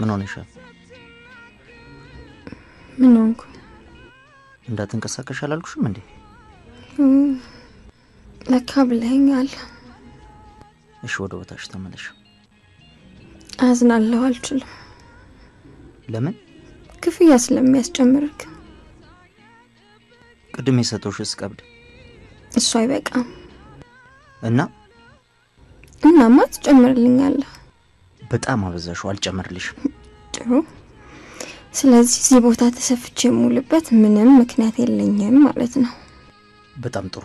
ምን ሆነሻል? ምን ሆንኩ? እንዳትንቀሳቀሽ አላልኩሽም እንዴ? ለካ ብለኛል። እሺ፣ ወደ ቦታሽ ተመለሽ። አዝናለሁ፣ አልችልም። ለምን? ክፍያ ስለሚያስጨምርክ። ቅድም የሰጠሁሽስ ቀብድ እሱ አይበቃም እና እናማ ትጨምርልኛለህ በጣም አበዛሹ፣ አልጨምርልሽም። ጥሩ። ስለዚህ እዚህ ቦታ ተሰፍቼ የምውልበት ምንም ምክንያት የለኝም ማለት ነው። በጣም ጥሩ።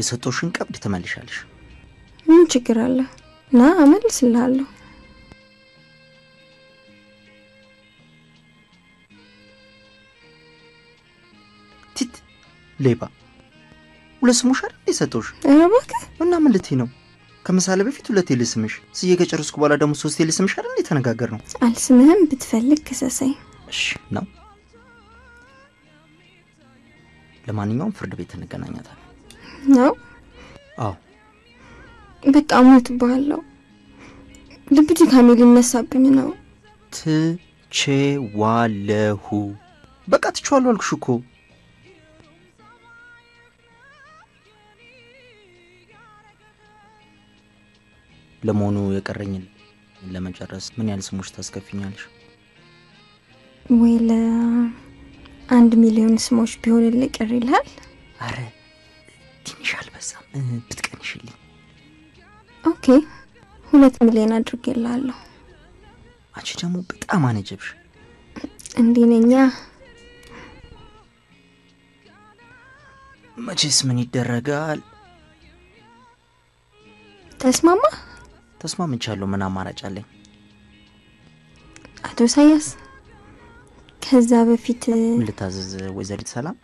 የሰጦሽን ቀብድ ተመልሻለሽ። ምን ችግር አለ? ና እመልስልሃለሁ። ቲት ሌባ፣ ሁለት ስሞሽ አይደል የሰጠሁሽ? እባክህ እና ነው? ከምሳሌ በፊት ሁለቴ ልስምሽ ስዬ ከጨረስኩ በኋላ ደግሞ ሶስቴ ልስምሽ አይደል የተነጋገር ነው። አልስምህም ብትፈልግ ክሰሰኝ። እሺ ነው። ለማንኛውም ፍርድ ቤት እንገናኛታለን። ነው? አዎ። በጣም ሞት ባለው ልብ ድካሜ ሊነሳብኝ ነው። ትቼዋለሁ። በቃ ትቼዋለሁ አልኩሽ እኮ ለመሆኑ የቀረኝን ለመጨረስ ምን ያህል ስሞች ታስከፊኛለሽ? ወይ ለአንድ ሚሊዮን ስሞች ቢሆንልህ ቅር ይልሃል? አረ ትንሽ አልበዛም? ብትቀንሽልኝ። ኦኬ ሁለት ሚሊዮን አድርጌልሃለሁ። አንቺ ደግሞ በጣም አነጀብሽ። እንዲህ ነኛ። መቼስ ምን ይደረጋል። ተስማማ ተስማምቻለሁ። ምን አማራጭ አለኝ? አቶ ኢሳያስ፣ ከዛ በፊት ልታዘዝ። ወይዘሪት ሰላም፣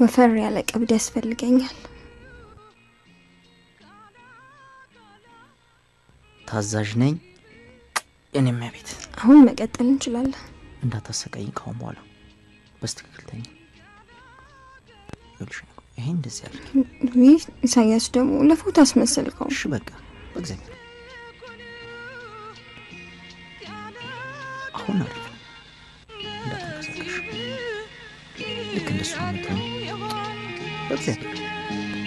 ወፈር ያለ ቀብድ ያስፈልገኛል። ታዛዥ ነኝ እኔም። ቤት አሁን መቀጠል እንችላለን። እንዳታሰቃይኝ ካሁን በኋላ በስትክክልተኛ ይሄ እንደዚህ ያለ ይህ ኢሳያስ ደግሞ ለፎት አስመሰልከው። እሺ በቃ Por exemplo. Há um árvore. Ainda tem as outras. E quem da sua mãe Por exemplo.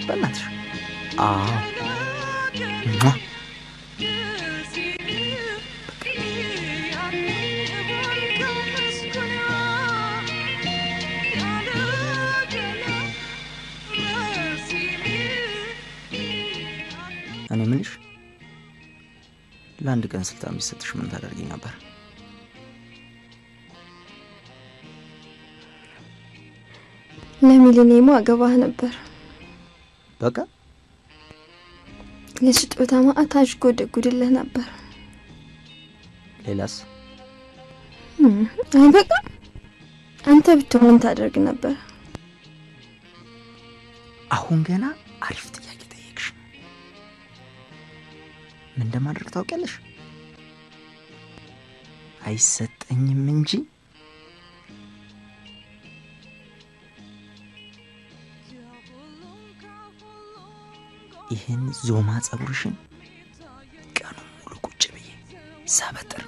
Para nada. Ah. Mua. Mm-hmm. አንድ ቀን ስልጣን ቢሰጥሽ ምን ታደርጊ ነበር? ለሚሊኒየሙ አገባህ ነበር። በቃ የስጦታ ማዕት አዥጎደጉድልህ ነበር። ሌላስ? አይ በቃ አንተ ብትሆን ምን ታደርግ ነበር? አሁን ገና አሪፍ ጥያቄ ጠየቅሽ። ምን እንደማድረግ ታውቂያለሽ? አይሰጠኝም እንጂ ይህን ዞማ ጸጉርሽን ቀኑ ሙሉ ቁጭ ብዬ ሳበጥር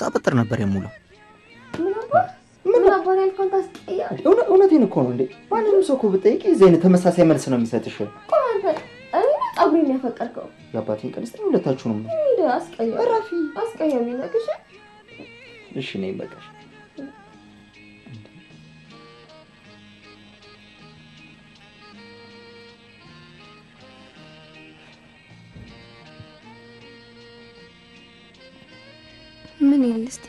ሳበጥር ነበር የሙለው። እውነቴን እኮ ነው እንዴ! ማንንም ሰው እኮ ብጠይቅ የዚህ አይነት ተመሳሳይ መልስ ነው የሚሰጥሽ። ጸጉሬን ያፈቀርከው የአባቴን ቀን ስ ሁለታችሁንም አስቀያሚ አስቀያሚ ነግሽ እሺ ነኝ በቃ ምን ይልስጥ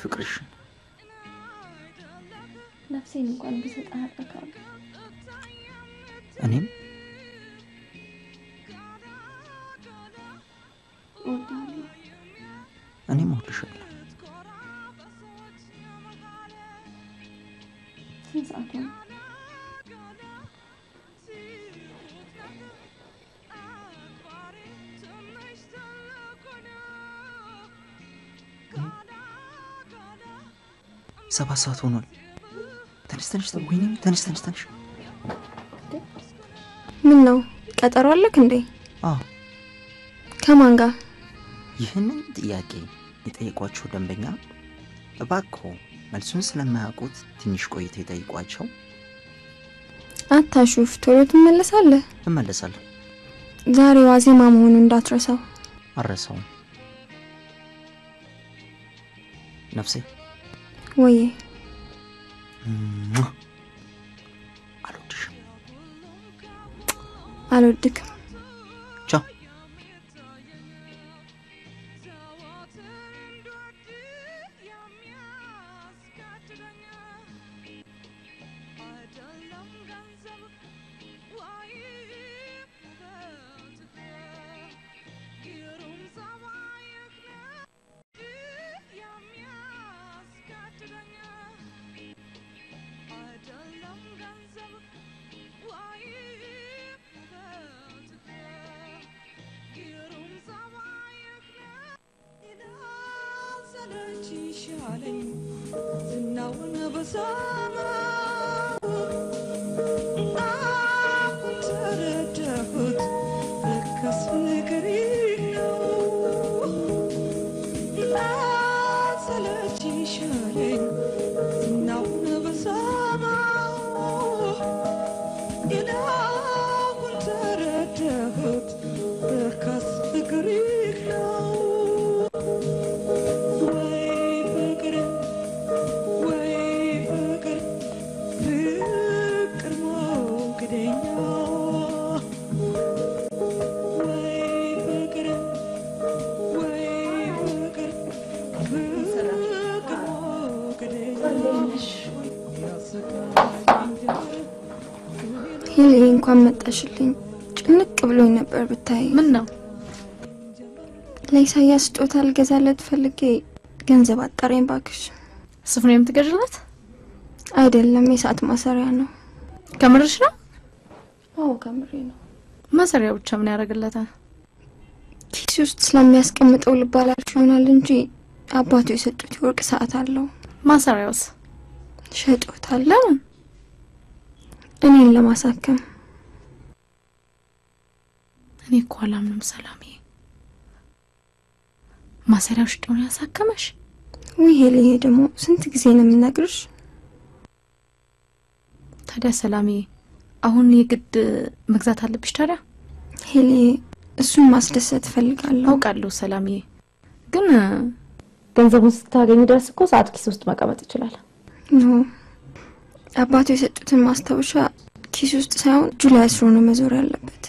ፍቅርሽ ነፍሴን እንኳን ብሰጥ አረካለሁ ሰባት ሰዓት ሆኗል። ተነሽ ተነሽ፣ ወይኔ ተነሽ ተነሽ ተነሽ። ምን ነው ቀጠሮ አለክ እንዴ? አዎ። ከማን ጋር? ይህንን ጥያቄ የጠየቋቸው ደንበኛ እባክዎ መልሱን ስለማያውቁት ትንሽ ቆይታ የጠይቋቸው። አታሹፍ፣ ቶሎ ትመለሳለህ። እመለሳለሁ። ዛሬ ዋዜማ መሆኑ እንዳትረሳው። አረሳውም ነፍሴ ወይ አልወድሽም። አልወድክም And now know one of us all. እንኳን መጣሽልኝ። ጭንቅ ብሎኝ ነበር ብታይ። ምን ነው ለኢሳያስ ስጦታ ልገዛለት ፈልጌ ገንዘብ አጠረኝ። ባክሽ ስፍ ነው የምትገዥላት? አይደለም፣ የሰዓት ማሰሪያ ነው። ከምርሽ ነው? አዎ ከምሬ ነው። ማሰሪያ ብቻ ምን ያደርግለታል? ኪስ ውስጥ ስለሚያስቀምጠው ልባላችሁ ይሆናል እንጂ አባቱ የሰጡት የወርቅ ሰዓት አለው። ማሰሪያውስ? ሸጦታል። ለምን? እኔን ለማሳከም እኔ እኮ አላምንም ሰላሜ። ማሰሪያዎች ደሆነ ያሳከመሽ ይሄ ይሄ ደግሞ ስንት ጊዜ ነው የምነግርሽ? ታዲያ ሰላሜ አሁን የግድ መግዛት አለብሽ? ታዲያ ሄሌ እሱን ማስደሰት እፈልጋለሁ። አውቃለሁ ሰላሜ፣ ግን ገንዘቡን ስታገኝ ድረስ እኮ ሰዓት ኪስ ውስጥ መቀመጥ ይችላል። ኖ አባቱ የሰጡትን ማስታወሻ ኪስ ውስጥ ሳይሆን እጁ ላይ አስሮ ነው መዞር ያለበት።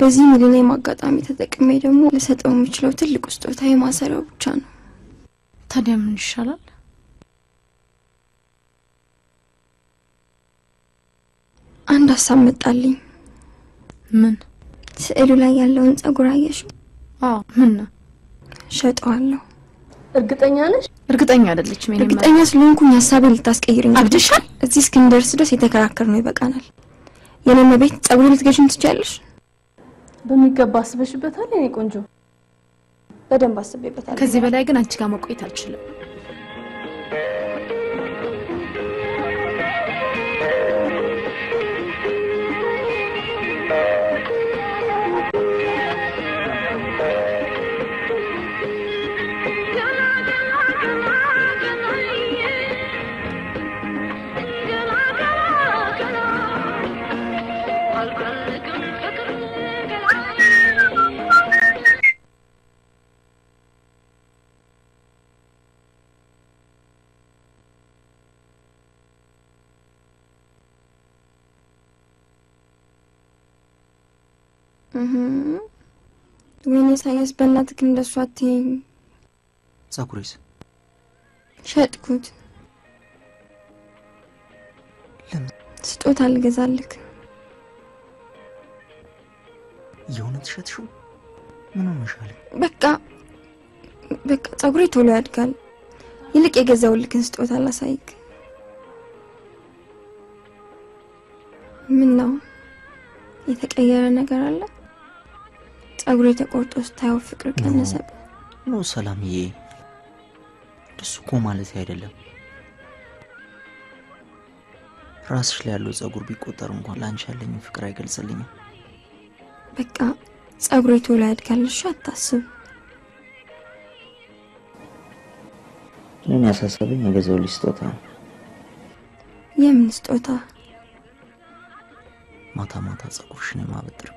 በዚህ ሚሊኒየም አጋጣሚ ተጠቅሜ ደግሞ ልሰጠው የምችለው ትልቅ ስጦታ የማሰሪያው ብቻ ነው። ታዲያ ምን ይሻላል? አንድ ሀሳብ መጣልኝ። ምን? ስዕሉ ላይ ያለውን ጸጉር አየሽ? ምን ነው? ሸጠዋለሁ። እርግጠኛ ነሽ? እርግጠኛ አይደለች። እርግጠኛ ስለሆንኩኝ ሀሳቤን ልታስቀይርኝ አብድሻል። እዚህ እስክንደርስ ድረስ የተከራከር ነው ይበቃናል። የለመቤት ጸጉር ልትገዥን ትችያለሽ። በሚገባ አስበሽበታል የኔ ቆንጆ? በደንብ አስቤበታል። ከዚህ በላይ ግን አንቺ ጋር መቆየት አልችልም። ወይኔ ኢሳያስ በእናትህ እንደሱ አትይኝ። ጸጉሬስ ሸጥኩት። ለምን ስጦታ አልገዛልክ? የእውነት ሸጥሽው? ምን ሆነሻል? በቃ በቃ ጸጉሬ ቶሎ ያድጋል። ይልቅ የገዛውልክን ስጦታ አላሳይክ። ምን ነው የተቀየረ ነገር አለ? ጸጉሬ ተቆርጦ ስታየው ፍቅር ቀነሰብ ኖ ሰላምዬ፣ እሱ እኮ ማለት አይደለም። ራስሽ ላይ ያለው ጸጉር ቢቆጠር እንኳን ላንቺ ያለኝ ፍቅር አይገልጽልኝም። በቃ ጸጉሬ ቶሎ ያድጋል፣ አታስብ። እኔን ያሳሰበኝ የገዛሁልሽ ስጦታ የምን ስጦታ? ማታ ማታ ጸጉርሽን የማበጥርበት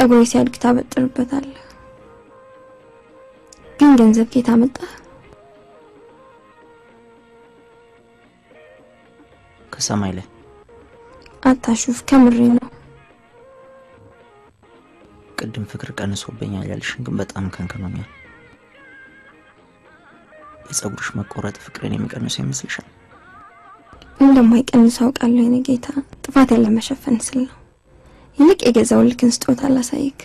ጸጉር ሲያድግ ታበጥርበታለህ። ግን ገንዘብ ኬት አመጣህ? ከሰማይ ላይ። አታሹፍ፣ ከምሬ ነው። ቅድም ፍቅር ቀንሶብኛል ያልሽን ግን በጣም ከንክኖኛል። የጸጉርሽ መቆረጥ ፍቅሬን የሚቀንሰው ይመስልሻል? እንደማይቀንስ አውቃለሁ የኔ ጌታ፣ ጥፋት ያለመሸፈን ስል ነው። ይልቅ የገዛውልክን ስጦታ አላሳይክ።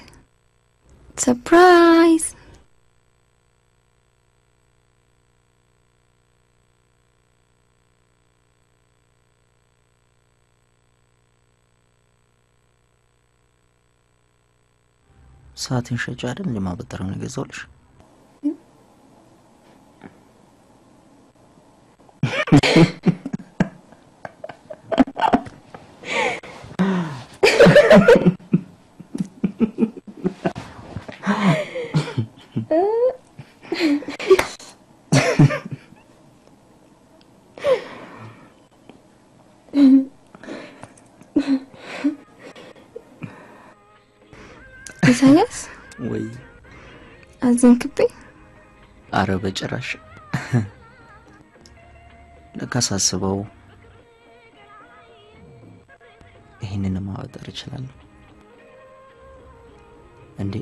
ሰርፕራይዝ! ሰዓትን ሸጭ አይደል እንደማበጠረው ነው የገዛውልሽ። ኢሳያስ ወይ አዘንክብኝ? አረ በጭራሽ ለካ ሳስበው ይህንን ማወጠር እችላለሁ እንዴ!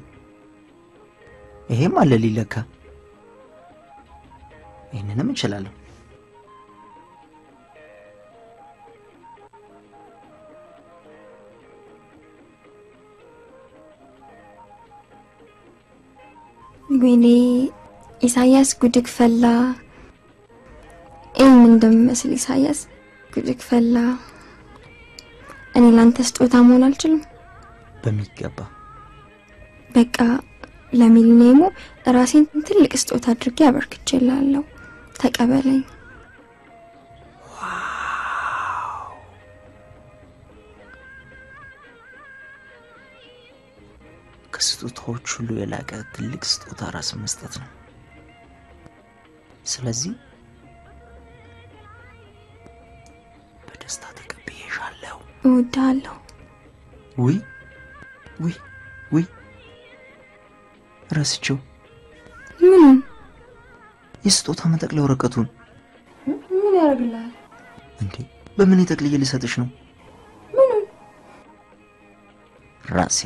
ይሄም አለ ሊለካ ይህንንም እችላለሁ። ወይኔ ኢሳያስ ጉድክ ፈላ። ይህም እንደሚመስል ኢሳያስ ጉድክ ፈላ። እኔ ላንተ ስጦታ መሆን አልችልም? በሚገባ በቃ ለሚሊኒየሙ ራሴን ትልቅ ስጦታ አድርጌ አበርክቼላለሁ። ተቀበለኝ። ከስጦታዎች ሁሉ የላቀ ትልቅ ስጦታ ራስ መስጠት ነው። ስለዚህ በደስታ ተቀብዬሻለሁ፣ እወድሃለሁ። ውይ ውይ ውይ ረስቼው። ምኑን? የስጦታ መጠቅለ ወረቀቱን። ምን ያደርግልሃል እንዴ? በምን የጠቅልዬ ልሰጥሽ ነው? ምኑን? ራሴ